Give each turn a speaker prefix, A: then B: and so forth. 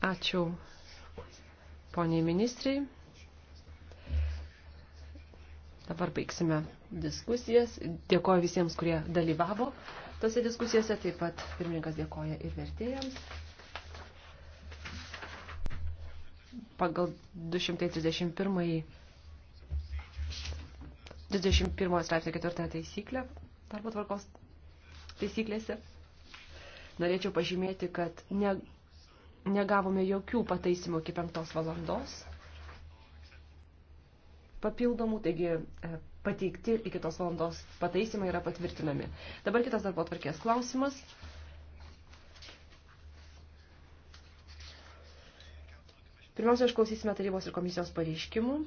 A: Ačiū poniai ministrai. Dabar baigsime diskusijas. Dėkoju visiems, kurie dalyvavo tose diskusijose. Taip pat pirmininkas dėkoja ir vertėjams. Pagal 231 21 straipsnio 4 taisyklę darbo tvarkos taisyklėse norėčiau pažymėti, kad ne, negavome jokių pataisimų iki 5 valandos papildomų, taigi e, pateikti iki tos valandos pataisimai yra patvirtinami. Dabar kitas darbo tvarkės klausimas. Pirmiausia, išklausysime tarybos ir
B: komisijos pareiškimų.